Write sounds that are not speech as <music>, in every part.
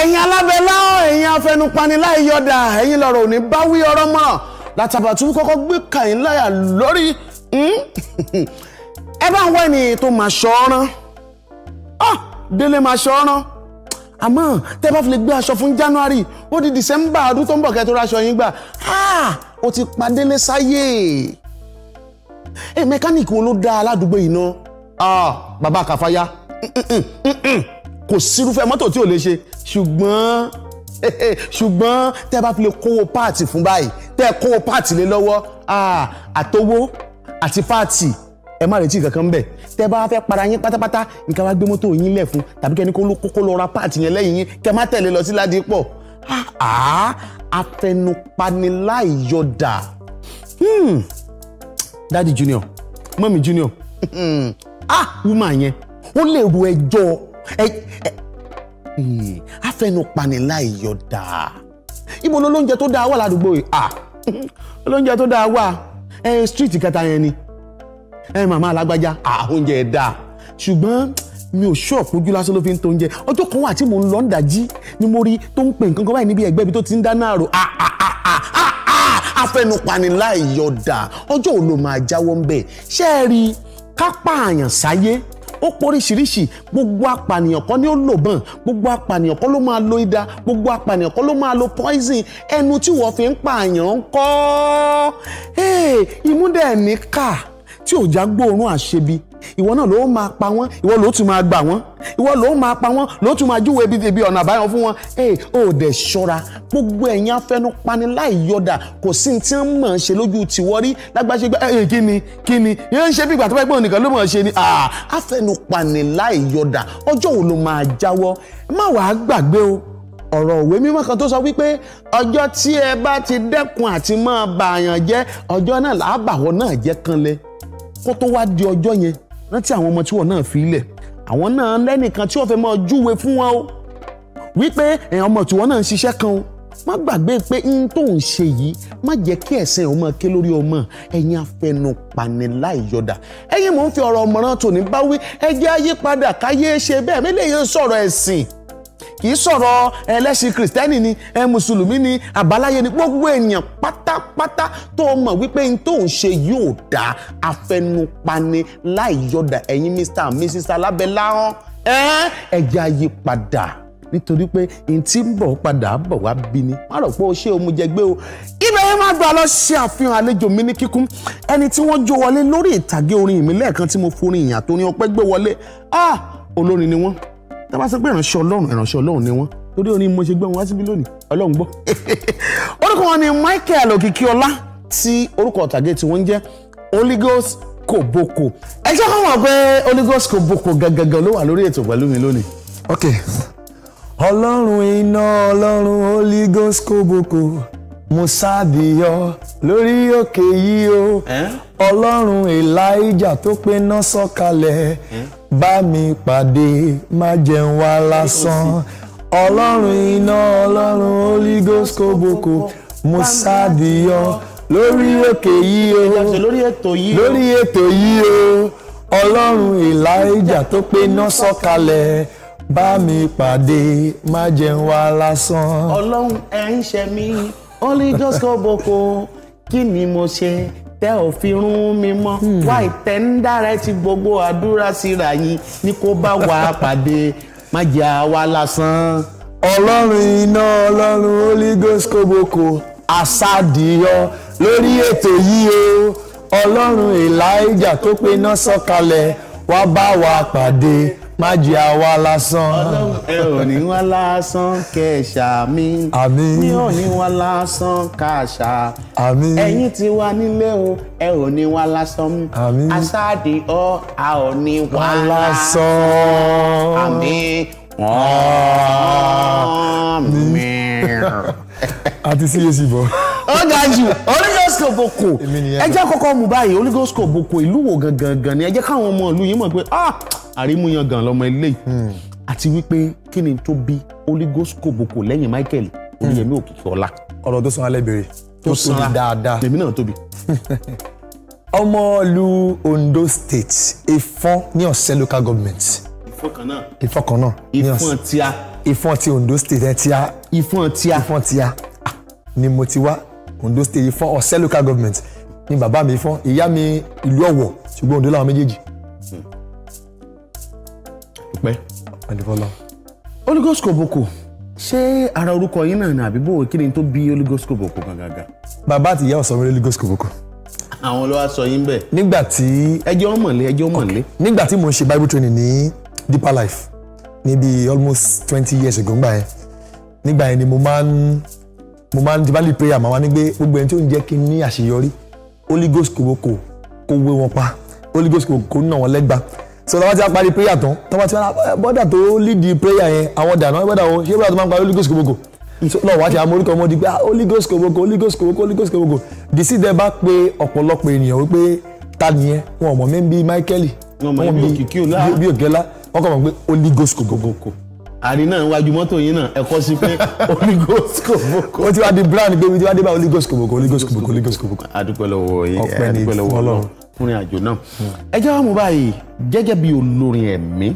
ẹ̀yin alábẹ́lá ẹ̀yin afẹnupani láì yọ̀dà ẹ̀yin lọ́rọ̀ òní bá wí ọ̀rọ̀ mọ́ làtàbàtúbú kọ́kọ́ gbé kàyín láyà lórí hmm? <laughs> ẹ bá ń wá ẹni tó máa ṣọ́ ọ́rán délé máa ṣọ́ ọ́rán àmọ́ tẹ́ bá fi lè gbé aṣọ fún January ó di December ọdún tó ń bọ̀ kẹ́ tó raṣọ yín gbà ó ah, ti pa délé sáyé ẹ mẹkáníìkì wo ló dá aládùúgbò yìí ná ah, bàbá àkàfáyà kò sírúfẹ́ mọ́tò tí ò lè ṣe ṣùgbọ́n <laughs> ṣùgbọ́n tẹ́ bá fi lè kówó páàtì fún báyìí tẹ́ kówó páàtì lé lọ́wọ́ àtowó àti páàtì ẹ má retí kankan bẹ̀ tẹ́ bá fẹ́ para yín pátápátá nǹkan wá gbé mọ́tò yín lẹ̀ fún tàbí kẹ́ni kó lọ ra páàtì yẹn lẹ́yìn yín kẹ́ má tẹ̀lé lọ sí Ládìpọ̀ afẹnupaniláìyọ̀dà hmm. Daddy Junior Mummy Junior hmm. ah woman yẹn ó lè ro ẹjọ́ Hmm, afẹnupani láì yọ dáa ibo ló lóúnjẹ tó dáa wà ládùúgbò yìí Ah, <laughs> lóúnjẹ tó dáa wà ẹ street kẹta yẹn ni ẹ màmá alágbájá à ah, oúnjẹ ẹ dáa ṣùgbọ́n mi ò ṣọ́ ọ̀pọ̀jú lásán ló fi ń to oúnjẹ ọjọ́ kan wà tí mò ń lọ ń dàjí ni mo rí tó ń pè nǹkan kan báyìí níbi ẹgbẹ́ ibi tó ti ń dáná àrò à à à à à afẹnupani láì yọ dáa ọjọ́ ò ló máa jáwọ́ ń bẹ̀ ṣẹ́ẹ̀rì kápá àyàn sáyé ó poríṣiríṣi gbogbo apànìyàn kan ni ó lò bàn gbogbo apànìyàn kan ló máa lo ida, gbogbo apànìyàn kan ló máa lo poison ẹnu tí wọ́n fi ń pààyàn ń kọ́ imú dẹ̀ ní kà tí ò já gbóòórùn àṣebi ìwọ náà ló máa pa wọ́n ìwọ ló tún máa gbà wọ́n ìwọ ló máa pa wọ́n ló tún máa júwèé ibi ọ̀nà àbáyọ fún wọn ẹ ò dẹ̀ ṣọ́ra gbogbo ẹ̀yin afẹnupani láì yọ̀dà kò sí ní tí wọ́n mọ̀ ṣe lójú tiwọ́ rí lágbàṣe gbà ẹ kí ni kí ni yẹn ń ṣe bí ìgbà tó bá gbọ́n nìkan ló mọ̀ ṣe ni afẹnupani láì yọ̀dà ọjọ́ wo ló máa jáwọ́ má wàá gbàgbé o ọ̀rọ̀ òwe mímọ́ kan tó sọ wípé ọjọ́ tí ẹ bá ti dẹ́kun àti máa bàyàn jẹ́ ọjọ́ náà làbàwọ́ náà jẹ́ kanlẹ̀ kó tó wá di ọjọ́ yẹn rántí àwọn ọmọ tí wọn náà fi lẹ̀ àwọn náà lẹ́nìkan tí wọ́n fẹ́ máa júwe fún wọn o wípé ẹ̀yàn ọmọ tí wọ́n náà ń ṣiṣẹ́ kan o má gbàgbé pé n tó ń ṣe yìí má jẹ́ kí ẹ̀sìn ọmọ ké lórí ọmọ ẹ̀yin afẹnupani láìyọ̀dà ẹ̀yin mò ń fi ọ̀rọ̀ ọmọràn tòní bá wí ẹ jẹ́ ayípadà káyé ṣe bẹ́ẹ̀ mélèyé sọ̀rọ̀ ẹ̀sìn kì í sọ̀rọ̀ ẹlẹ́sìn kìrìsìtẹ́nì ni ẹ mùsùlùmí ni àbáláyé ni gbogbo èèyàn pátápátá tó mọ̀ wípé n tó ń ṣe yóò dá afẹnupani láì yọ̀dà ẹ̀yin mr and mrs alábẹ́lá hàn ẹ́ ẹ̀jẹ̀ àyípadà nítorí pé n tí ń bọ̀ padà bọ̀ wá bí ni má rò pé o ṣé o mu jẹgbẹ́ o ibẹ̀ yẹn máa gbà lọ ṣe àfihàn àlejò mi ní kíkún ẹni tí wọ́n jó wọlé lórí ìtàgé orin ìmílẹ̀ kan tí mo forin ìyàn àtòrin ọpẹ́ gbé wọlé ah olórin ni wọ́n tá a bá sọ pé ìránṣẹ́ ọlọ́run ìránṣẹ́ ọlọ́run ni wọ́n torí orin mo ṣe gbé wọn wá síbí lónìí ọlọ́run gbọ́. <laughs> orúkọ wọn ni Michael Òkìkíọlá tí orúkọ ọ̀tàgé tí wọ́n ń jẹ́ Holy Ghost Koboko ẹ jẹ́ kó mọ̀ pé Holy Ghost Koboko gangan ló wà lórí ètò pẹ̀lú mi lónìí. ok ọlọ́run iná ọlọ́run Holy Ghost Koboko mo sábìyọ lórí òkè yìí o ọlọ́run elijah tó pé náà sọ̀kalẹ̀ bá mi pàdé má jẹun wá lásán ọlọ́run iná ọlọ́run holy ghost koboko mo sábìyọ lórí òkè yìí o lórí ètò yìí o ọlọ́run elijah tó pé náà sọ̀kalẹ̀ bá mi pàdé má jẹun wá lásán. ọlọ́run ẹ̀ ń ṣe mí only just go boko kí ni mo ṣe tẹ ò fi rún mi mọ́ hmm. wá ìtẹ́ńdára ti gbogbo àdúrà síra yín ní kó bá wà pàdé má jẹ́ àwa lásán. ọlọ́run iná ọlọ́run holy ghost koboko àsádìyọ lórí ètò yìí o ọlọ́run elijah tó pe iná sọ̀kalẹ̀ wá bá wa pàdé má jẹ àwa lásán. ẹ ò ní wá lásán kẹṣà mi. àmín. mi ò ní wá lásán kàṣà. àmín. ẹ̀yin ti wá nílé o ẹ ò ní wá lásán. àmín. aṣáàdì ọ a ò ní wá lásán. àmín. àmín. àti cac bọ̀. ó ga jù oligosco boko ẹ jẹ́ kọ́kọ́ mú báyìí oligosco boko ìlú wo gangan ni ẹ jẹ́ káwọn ọmọ ìlú yìí mọ̀ pé ah àrímúyangàn lọmọ eléyìí hmm. àti wípé kí ni tó bí oligos lẹ́yìn Michael Olúyẹmí hmm. Òkìkíọlá. ọ̀rọ̀ tó sanra lẹ́bẹ̀rẹ̀ tó tóbi dáadáa èmi náà tóbi. <laughs> ọmọọlú Ondo State Ìfọ̀n ní Ọ̀sẹ̀ local government. Ìfọ̀n kan náà. Ìfọ̀n kan náà. Ìfọ̀n tíá. Ìfọ̀n ti Ondo State ẹ̀ tíá. Ìfọ̀n tíá. Ìfọ̀n ah, ni mo ti wá Ondo State Ìfọ̀n Ọ̀sẹ̀ local government ni baba mi Ìfọ̀n ìyá mi ìlú Ọ̀wọ̀ ṣùgbọ́n Ondo làwọn méjèèjì pẹ́. adébọ́lá. olugos koboko ṣé ara orúkọ yín náà ni àbíbò kí ni tó bí olugos koboko gangan. bàbá àti ìyá ọ̀sán mi olugos koboko. àwọn ló wá sọ yín bẹ́ẹ̀. nígbà tí. ẹjọ́ mọ̀lẹ́ ẹjọ́ mọ̀lẹ́. nígbà tí mo ń ṣe bible training ní deeper life ní bíi almost twenty years ago ngbà yẹn nígbà yẹn ni mo máa ń mo máa ń ti bá lè prayer màá ní pé gbogbo ẹni tí ó ń jẹ́ kí n ní àṣeyọrí holy ghost kòbókò kó wé wọn pa holy ghost kòbókò kó nà wọn lẹ́gba so tọ́wọ́ ti á parí prayer tán tọ́wọ́ ti á eh, bọ́dà tó lídìí prayer yẹn àwọn dànù bọ́dà wo ṣé bọ́dà tó máa ń parí Holy Ghost kòbókò náà wá ti amórúkọ ọmọdé ah, <laughs> pé Holy Ghost kòbókò Holy Ghost kòbókò Holy Ghost kòbókò dìísí dẹ bá pe ọ̀pọ̀lọpọ̀ ènìyàn wípé ta nìyẹn wọn mọ̀ mí bí Michael wọn bí bí ògẹ́lá wọn kọ̀ mọ̀ pé Holy Ghost kòbókò. àrí náà wájú mọ́tò yín náà ẹ̀kọ́ sí pé Holy Ghost kòbókò. ó ti wá di brand pé ó ti wá dé bá Holy Ghost kòbókò Holy Ghost kòbókò Holy Ghost kòbókò. adúpẹ́ lọ́wọ́ yín adúpẹ́ lọ́wọ́ Ọlọ́run kúnrin àjò náà ẹ jẹ́ mú báyìí gẹ́gẹ́ bí olórin ẹ̀mí.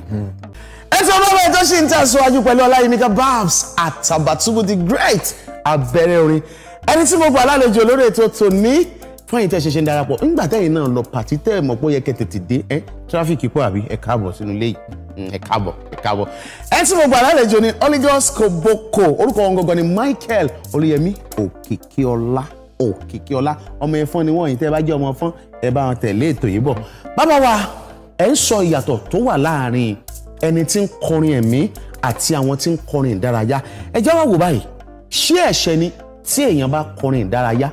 ẹ sọ bá bẹ́ẹ̀ tó ṣì ń tẹ̀síwájú pẹ̀lú ọláyímíkà babs àtàbàtúbù the great abẹ́rẹ́ orin ẹni tí mo gbà lálejò lórí ètò tòní fún ẹ̀yin tẹ́ ṣe ń darapọ̀ nígbà tẹ́yin náà lọ pàtí tẹ́ mọ̀ pé ó yẹ kẹ́ tètè dé ẹ́ tírafíkì pọ̀ àbí ẹ káàbọ̀ sínú ilé hmm, ẹ káàbọ̀ ẹ káàbọ̀ ẹ tí mo gbà lálejò ni Oligos Koboko orúkọ wọn gangan ni Michael Olúyẹmí Òkìkíọlá. Òkìkíọlá ọmọ ẹfọn ni wọ́n yìí tẹ́ bá jẹ́ ọmọ ẹfọn ẹ bá wọn tẹ̀lé ètò yìí bọ̀. bàbá wa ẹ ń sọ ìyàtọ̀ tó wà láàrin ẹni tí ń kọrin ẹ̀mí àti àwọn tí ń kọrin ìdárayá ẹ jẹ́ wá wò báyìí ṣé ẹ̀ṣẹ̀ ni tí èèyàn bá kọrin ìdárayá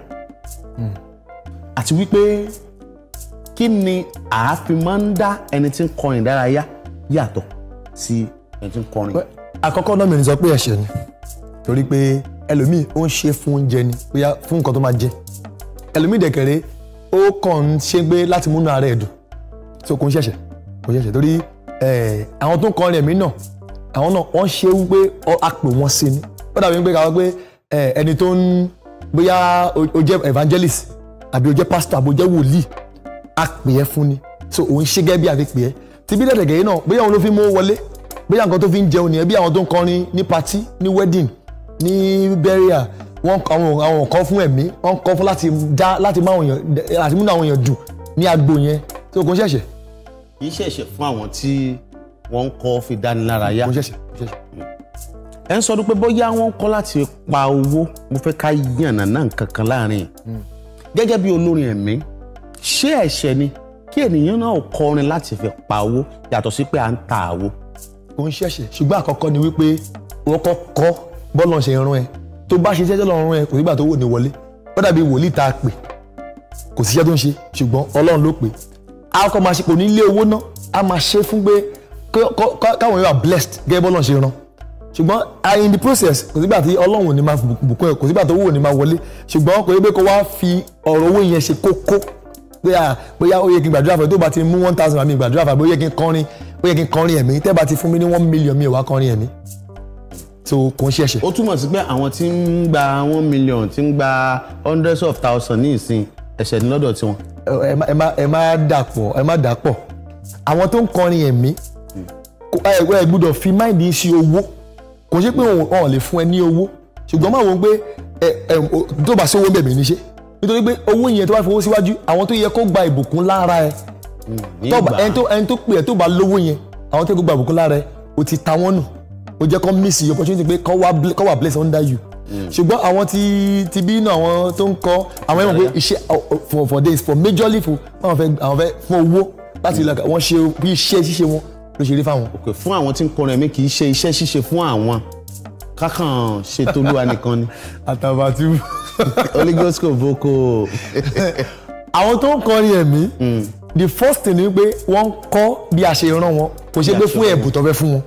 hmm. àti wípé kí ni àáfin máa ń dá ẹni tí ń kọrin ìdárayá yàtọ̀ sí ẹni tí ń kọrin. àkọ́kọ́ náà mi ní sọ pé ẹ̀ṣẹ̀ ni torí pé ẹlòmíì ó ń ṣe fún oúnjẹ ni bóyá fún nǹkan tó máa jẹ ẹlòmíì dẹ̀kẹ̀rẹ́ ó kàn ń ṣe gbé láti múnú ara ẹ̀ dùn tí o kò ń ṣẹ̀ṣẹ̀ kò ṣẹ̀ṣẹ̀ torí àwọn tó ń kọrin ẹ̀mí náà àwọn náà wọ́n ṣe wípé a pè wọ́n sí ni ó dàbí pé káwọn pé ẹni tó ń bóyá o jẹ́ evangelist àbí o jẹ́ pastor àbí o jẹ́ wòlíì a pè fún ni so òun ṣe gẹ́gẹ́ bí a fi pè ẹ́ ti bí dẹ̀dẹ̀gẹ̀ yìí náà bóyá òun ló fi mú wọlé bóyá nǹkan tó fi ń jẹun nìyẹn bí àwọn tó ń kọrin ní party ní wedding ní beria wọ́n àwọn àwọn kan fún ẹ̀mí wọ́n kọ́ fún láti dá láti máa wọ̀nyàn láti múnú àwọn èèyàn dùn ní agbo yẹn tó kò ń ṣẹ̀ṣẹ̀. kì í ṣẹ̀ṣẹ̀ fún àwọn tí wọ́n ń kọ́ fi dánilárayá. kò ń ṣẹ̀ṣẹ̀ kò ń ṣẹ̀ṣẹ̀. ẹ ń sọdún pé bóyá wọ́n ń kọ́ láti pa owó mo fẹ́ ká yànnà náà kankan láàrin hmm. gẹ́gẹ́ bí olórin ẹ̀mí ṣé ẹ̀ṣẹ̀ ni kí ènìyàn náà kọrin láti fi pa owó yàtọ̀ sí pé à ń ta àwo. kò ń bọ́lọ̀ ṣe rán ẹ tó bá ṣiṣẹ́ tó lọ́rùn ẹ kò sígbà tó wò ní wọlé ó dàbí wòlíì tá a pè kò síṣẹ́ tó ń ṣe ṣùgbọ́n ọlọ́run ló pè á kọ́ máa ṣe kò ní ilé owó ná á máa ṣe fún pé káwọn yóò wà blessed gẹ́gẹ́ bọ́lọ̀ ṣe rán ṣùgbọ́n in the process kò sígbà tí ọlọ́run ní máa bùkún ẹ kò sígbà tó wò ní máa wọlé ṣùgbọ́n kò yẹ pé kó wá fi ọ̀rọ̀ owó yẹn ṣe kókó bóyá bóyá ó yẹ kí n gbàdúrà fún ẹ tó bá ti mú one thousand àmì gbàdúrà fún ẹ bóyá ó yẹ kí n kọrin ó yẹ kí n kọrin ẹ̀mí tẹ́ bá ti fún mi ní one million mi ò wá kọrin ẹ̀mí so kò ń ṣẹ̀ṣẹ̀. ó túmọ̀ sí pé àwọn tí ń gba one million tí ń gba hundreds of thousands ní ìsìn ẹ̀ṣẹ̀ ní lọ́dọ̀ tiwọn. ẹ má ẹ má dàpọ̀ ẹ má dàpọ̀ àwọn tó ń kọrin ẹ̀mí ẹ gbọ́dọ̀ fi máìndì sí owó kò ṣe pé òun ò lè fún ẹ ní owó ṣùgbọ́n máa wọ pé tó bá sówó bẹ̀mí níṣẹ́ nítorí pé owó yẹn tó bá fowó síwájú àwọn tó yẹ kó gba ìbùkún lára ẹ hmm, ẹni tó pè ẹ tó bá lówó yẹn àwọn tó yẹ kó gba ìbùkún lára ẹ o ti ta wọ́n nù ó jẹ́ kó miss your opportunity pé kó wà bless under you mm. ṣùgbọ́n àwọn ti ti bí inú àwọn tó ń kọ́ àwọn ẹ̀wọ̀n pé iṣẹ́ oh, oh, for for days for majorly for àwọn fẹ́ àwọn fẹ́ fún owó láti ìlàkà mm. wọ́n ṣe bí iṣẹ́ ṣíṣe wọn ló ṣe rí fáwọn. ok fún àwọn tí ń kọrin mi kì í ṣe iṣẹ́ ṣíṣe fún àwọn kákan ṣètòlúwa nìkan ni. <laughs> àtàbàtú. <laughs> oligosco boko. <laughs> àwọn tó ń kọrin ẹ̀mí mm. the first thing ni pé wọ́n ń kọ́ bí a ṣe rán wọn kò ṣe pé fún ẹ̀bùn tó fẹ́ fún wọn.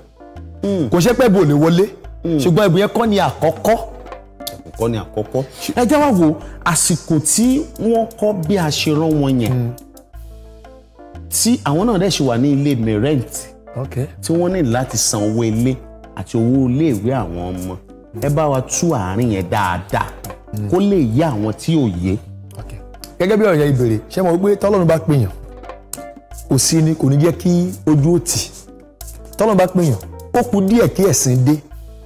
Mm. kò ṣe pé bò lè wọlé mm. ṣùgbọ́n ẹ̀bùn yẹn kọ́ ni àkọ́kọ́ kọ́ ni àkọ́kọ́ ẹ jẹ́ wá wo àsìkò tí wọ́n kọ́ bí a ṣe rán wọn yẹn mm. tí àwọn náà dẹ̀ ṣe wà ní ilé merent tí wọ́n ní láti san owó ilé àti owó ilé ìwé àwọn ọmọ ẹ bá wa tú àárín yẹn dáadáa kó lè yé àwọn tí ò yé. gẹ́gẹ́ bí ọ̀rọ̀ yẹn ṣé mo gbé tọ́lọ́run bá pèèyàn kò sí ni kò ní jẹ́ kí ojú ó tì tọ́lọ́run bá pèèyàn ó kù díẹ̀ kí ẹ̀sìn dé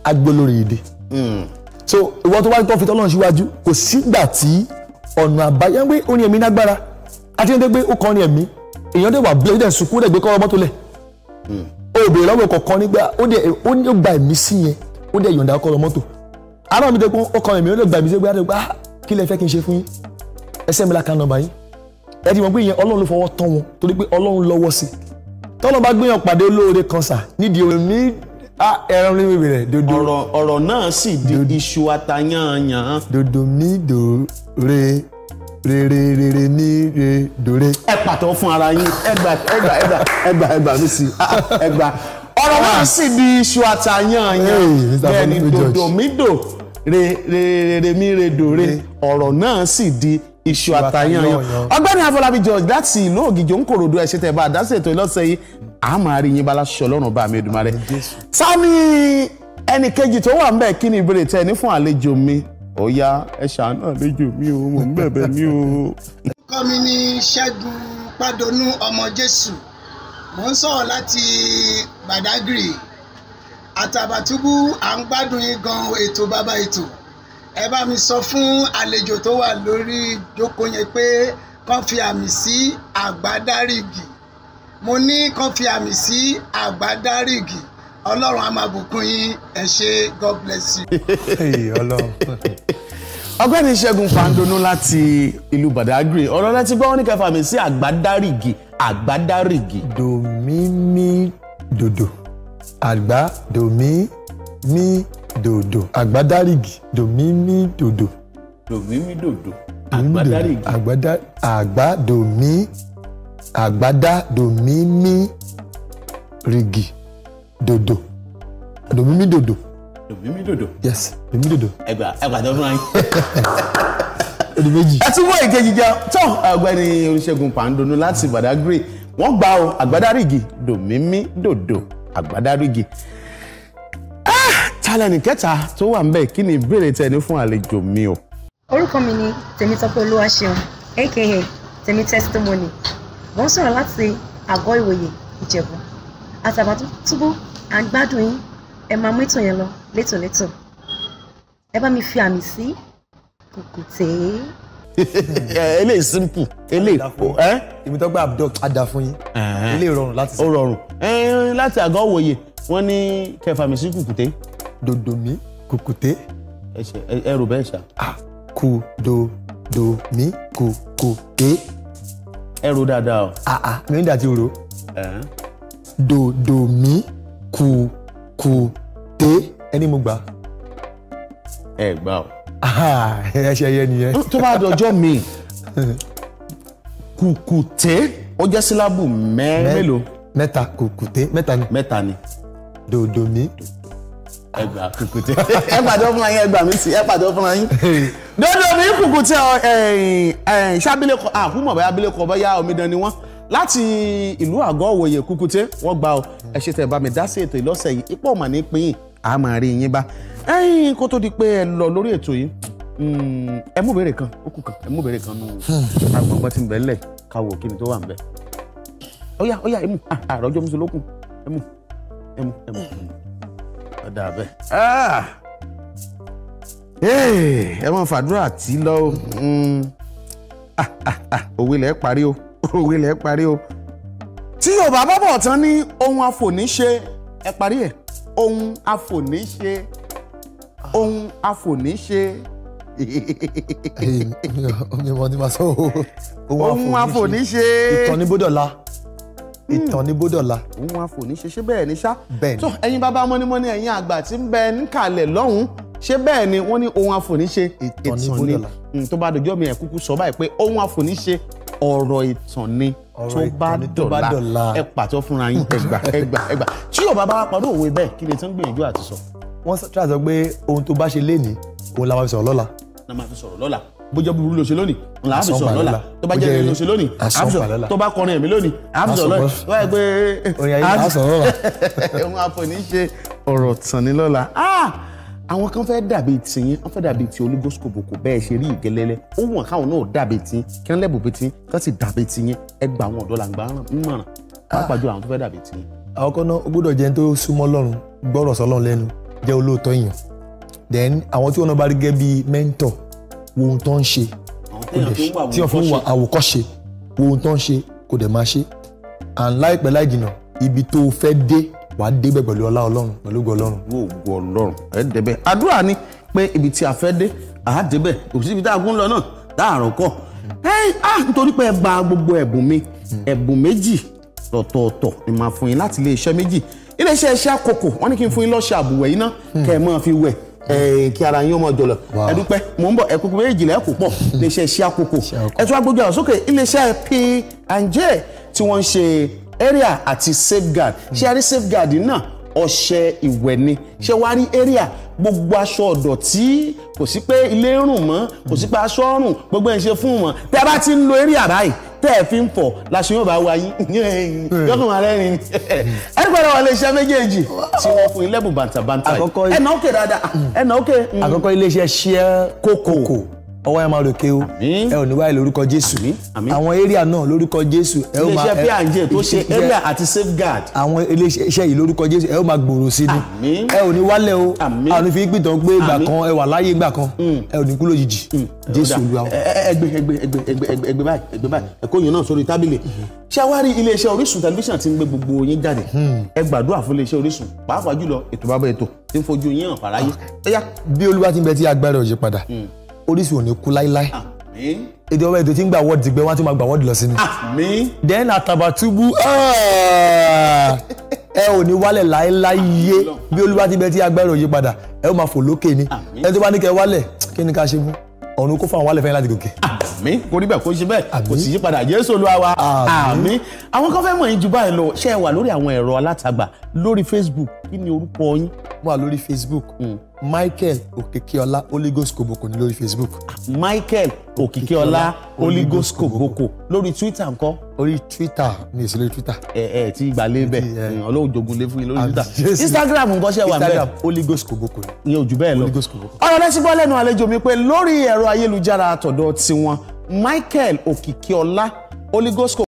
agbólórí èdè hmm. so ìwọ tó wá tó fi tọ́lọ́run síwájú kò sígbà tí ọ̀nà àbáyọ pé ó ní ẹ̀mí lágbára àti ẹni pé ó kàn ní ẹ̀mí èèyàn dẹ̀ wà bí ẹ̀dẹ̀ sunkún dẹ̀ gbé kọ́ ọmọ tó lẹ̀ ó hmm. bèrè lọ́wọ́ kọ̀ọ̀kan nígbà ó dẹ̀ ó ní gba ẹ̀mí sí yẹn ó dẹ̀ yọ̀ǹda ọkọ̀ ọmọ tó ara mi dẹ́kun ọkọ̀ ẹ̀mí ó ah, la kan nọmba yín ẹ ti mọ̀ pé ìyẹn tọ́lọ́ bá gbéyàn pàdé olóore kan sà nídìí orin mi ẹran ní bèbè rẹ̀ dodo. ọ̀rọ̀ ọ̀rọ̀ náà sì di iṣu atayanyan. dodo mi do re rere rere ní re dore. ẹ pàtó fún ara yín ẹgbà ẹgbà ẹgbà ẹgbà ẹgbà mi sí ẹgbà ọ̀rọ̀ náà sì di iṣu atayanyan bẹ́ẹ̀ ni dodo mi do re re re mi re dore ọ̀rọ̀ náà sì di iṣu àtàyànyàn ọ̀gbẹ́ni Afọlábí George láti ìlú Ògìjò ń kòròdú ẹṣẹ tẹ bá a dáṣẹ ètò ìlọsẹ yìí a máa rí yín bá aláṣọ Ọlọ́run bá mi Èdùmàrè ta ni ẹnì kejì tó wà ńbẹ̀ kí ni ìbéèrè tẹ ní fún àlejò mi ó yá ẹ àlejò mi o mò ń mi o. orúkọ mi ni Ṣẹ́gun Pádọ̀nú ọmọ Jésù mò ń sọ̀rọ̀ láti Badagry Àtàbàtúbú à ń gbádùn yín gan ètò bàbá ètò ẹ bá mi sọ fún àlejò tó wà lórí ìjókòó yẹn pé kán fi àmì sí àgbádárìgì mo ní kán fi àmì sí àgbádárìgì ọlọ́run á máa bùkún yín ẹ ṣé god bless you. ọ̀gbẹ́ni ṣẹ́gun fandonu láti ìlú badagry ọ̀rọ̀ rẹ gbọ́ wọn ní kẹfà mi sí àgbádárìgì àgbádárìgì. domimi dodo àgbá domi mi dòdò àgbádárìgì dòmímí dòdò. dòmímí dòdò àgbádárìgì. àgbádá àgbádòmí àgbádádòmímí rìgì dòdò dòmímí dòdò. dòmímí dòdò. yes dòmímí dòdò. ẹgbà ẹgbà tó fún wa yín <laughs> ẹni méjì. ẹ ti wọ ìkejì jẹ tọ ọ̀gbẹ́ni Olúṣẹ́gun Pàǹdọ̀nù láti Badagry wọ́n gba o àgbádárìgì dòmímí dòdò àgbádárìgì ìsàlẹ̀ nìkẹta tó wà ń bẹ̀ kí ni ìbéèrè tẹni fún àlejò mi o. orúkọ mi ni tèmítọ́pẹ́ olúwaṣeun aka tèmi testimony mo ń sọ̀rọ̀ láti àgọ́ ìwòye ìjẹ̀bú àtàbàtúbú à ń gbádùn yín ẹ máa mú ètò yẹn lọ létòlétò ẹ bá mi fi àmì sí kùkùté. <laughs> Eh, eléyìí simple eléyìí kò ẹ. Eh? Tèmítọ́pẹ́ abdul ada fún yín eléyìí rọrùn láti. ó rọrùn eh, láti àgọ́ ìwòye wọ́n ní kẹfà mi sí kùkùté dòdòmí Kukute, ẹ rò bẹ́ẹ̀ ṣá. àkùdòdòmí ah, kùkùté. ẹ rò dáadáa o. àà ah, ah, mi ń dà tí o rò. dòdòmí Kukute, ẹni mo gbà. ẹ gbà o. ẹ ṣe ẹyẹ nìyẹn. tó bá dọjọ́ mi <laughs> kùkùté ó jẹ́ sílábù mẹ́ẹ̀ẹ́lò. mẹ́ta kùkùté mẹ́ta ni. mẹ́ta ni. dòdòmí. Do, ẹgbà kùkùté ẹ pàdé fúnra yín ẹgbà mi sí ẹ pàdé fúnra yín. <laughs> dodo mi kùkùté ah. àkúmọ̀ bá abilékọ bóyá omidan ni wọ́n láti ìlú àgọ́ òwòye kùkùté wọ́n gba ọ ẹ ṣe tẹ̀ bá mi dá sí ètò ìlọ́sẹ̀ yìí ipò mà ní pín yín a máa rí yín bá ẹ̀yin kó tó di pé ẹ lọ lórí ètò yìí hmm, ẹ mú béèrè kan ó kù kan ẹ mú béèrè kan nù agbọ̀ngbọ̀n hmm. ti ń ká wò kí ni tó wà ń bẹ̀. ó ẹ mú àròjọ́ musolókun ẹ mú ẹ mú ẹ mú ọ̀dà bẹ́ẹ̀. Ah! ẹ mọ fàdúrà tí lọ hmm. ah, ah, òwe lẹ parí o <laughs> òwe lẹ parí o tí yorùbá bá bọ̀ tán ní ohun àfòníṣe ẹ parí ẹ ohun àfòníṣe ohun àfòníṣe <laughs> ohun àfòníṣe ìtọ́nibódọ̀la ìtàn ní bódọ̀la. òun àfò ní ṣe ṣé bẹ́ẹ̀ ni ṣá. bẹ́ẹ̀ ni tó ẹ̀yin bàbá mọ́nímọ́ní ẹ̀yin àgbà tí ń bẹ níkàlẹ̀ lọ́hùn-ún ṣé bẹ́ẹ̀ ni wọ́n ní ohun àfòníṣe ìtàn ní bódọ̀la. Hmm, tó bá dọjọ́ mi ẹ̀ kúkú sọ báyìí pé ohun àfòníṣe ọ̀rọ̀ ìtàn ni tó bá dọ̀la ẹ pàtó fúnra yín ẹgbà ẹgbà ẹgbà tí yóò bá bá parí òwe bẹ́ẹ̀ kí ni tí wọ́n gbìyànjú àti sọ. wọ́n bó jẹ́ búburú ló lónìí là á fi tó bá jẹ́ rere ló lónìí à tó bá kọrin ẹ̀mí lónìí à á wáyé pé à á fi sọ̀rọ̀ <laughs> ọ̀rọ̀ tàn ah! àwọn kan fẹ́ dàbí tiyín wọ́n fẹ́ dàbí ti olúgbòsókòbòkò bẹ́ẹ̀ ṣe rí ìgẹlẹ́lẹ́ ó wọ̀n káwọn náà dàbí tiyín kí wọ́n lẹ́bùn bí tiyín kí wọ́n sì dàbí tiyín ẹ àwọn ọ̀dọ́ làǹgbà ń mọ̀ràn ah. pàápàá jù àwọn tó fẹ́ dàbí tiyín. àwọn kan náà ó gbọ́dọ̀ tó súnmọ́ Ọlọ́run gbọ́rọ̀ sọ́lọ́run lẹ́nu jẹ́ olóòótọ́ èèyàn then àwọn tí wọ́n bá rí gẹ́gẹ́ bíi mentor wo ohun tó ń ṣe tí wọ́n fi ń wà àwòkọ́ṣe wo ohun tó ń ṣe kò dẹ̀ máa ṣe and láìpẹ́ láì jìnnà ibi tó o fẹ́ dé wàá débẹ̀ pẹ̀lú ọlá ọlọ́run pẹ̀lú ògo ọlọ́run. wo ògo ọlọ́run ẹ débẹ̀ àdúrà ni pé ibi tí a fẹ́ dé àá débẹ̀ kò síbi tá a gún lọ náà tá a rọ̀ kọ́ ẹ á ah, nítorí pé ẹ gba gbogbo ẹ̀bùn mi ẹ̀bùn méjì lọ́tọ̀ọ̀tọ̀ ni màá fún yín láti iléeṣẹ́ méjì iléeṣẹ́ iṣẹ́ àkókò wọ́n ní kí n fún yín lọ́ṣẹ́ àbùwẹ̀ yín náà kẹ́ ẹ máa fi wẹ̀ kí ara yín ó mọ jọlọ ẹ dúpẹ́ mò ń bọ̀ ẹ̀kú méjì lẹ́kù pọ̀ hmm. iléeṣẹ́ iṣẹ́ àkókò ẹ tún wá gbójú àwọn sókè iléeṣẹ́ tí wọ́n ń ṣe area àti safeguard ṣé a rí safeguard náà ọṣẹ ìwẹ̀ ni ṣé wàá rí area gbogbo aṣọ ọ̀dọ̀ tí kò sí pé ilé rùn mọ́ kò sí pé aṣọ rùn gbogbo ẹ̀ ń ṣe fún wọn tẹ́ bá ti ń lo area báyìí tẹ́ ẹ̀ fi ń fọ̀ láṣẹ yóò bá wa yín yọkùn ara ẹni ni ẹ gbọ́dọ̀ wà iléeṣẹ́ méjèèjì hmm. tí wọ́n fún hmm. ilé ẹ̀bùn bàǹtàbàǹtà yìí ẹ̀nà òkè dáadáa ẹ̀nà òkè. àkọ́kọ́ iléeṣẹ́ ṣíẹ́ kókò ọwọ́ ẹ máa ròkè o ẹ ò ní wáyé lórúkọ jésù àwọn area náà lórúkọ jésù ẹ ó máa iléeṣẹ́ P&J tó ṣe area àti safeguard àwọn iléeṣẹ́ yìí lórúkọ jésù ẹ ó máa gbòòrò sí ni ẹ ò ní wálẹ̀ o àwọn ní fi ń pìtàn pé ìgbà kan ẹ wà láyé ìgbà kan mm. ẹ ò ní kú lójijì mm. jésù olúwa. ẹgbẹ́ ẹgbẹ́ ẹgbẹ́ ẹgbẹ́ ẹgbẹ́ báyìí ẹgbẹ́ báyìí ẹ̀kọ́ yìí náà sórí tábìlì mm-hmm. ṣé wàá rí iléeṣẹ́ Orísun tẹlifíṣàn tí ń gbé gbogbo yín jáde hmm. ẹ gbàdúrà fún iléeṣẹ́ Orísun pàápàá jùlọ ètò bàbá ètò tí ń fojú yín hàn fàráyé. bí olúwa ti ń bẹ tí agbára ò yí padà hmm. Orísun ò ní kú láíláí èdè ọmọ èdè tí ń gba award ti gbẹ wọn á tún máa gba award lọ sí ni then Àtàbàtúbú ah! ẹ ò ní wálẹ̀ láéláyé bí olúwa ti bẹ tí agbára òye padà ẹ ó máa fò lókè ni ẹ tó bá ní kẹ wálẹ̀ kí ni ká ṣe fún ọ̀run kó fún àwọn wálẹ̀ fẹ́yìn láti gòkè. àmín kò rí bẹ́ẹ̀ kó ṣe bẹ́ẹ̀ kò sì yípadà Jésù Olúwa wa àmín àwọn kan fẹ́ mọ̀ yín jù báyìí lọ ṣé ẹ wà lórí àwọn ẹ̀rọ alátagbà lórí Facebook kí ni orúkọ yín. mo wà lórí Facebook mm michael okikeola oligos koboko ní lórí facebook. michael okikeola oligos koboko lórí twitter ńkọ́. orí twitter ní èsì lórí twitter. ẹ ẹ ti gbalẹ bẹ eh, Ọlọ́run jogun lé fún yín lórí twitter instagram ńkọ́ ṣe wà mẹ oligos koboko ni. ìyẹn ojú bẹ́ẹ̀ lọ oligos koboko. ọ̀rọ̀ lẹ́sìn bọ́ lẹ́nu àlejò mi pé lórí ẹ̀rọ ayélujára àtọ̀dọ̀ tiwọn michael okikeola oligos koboko.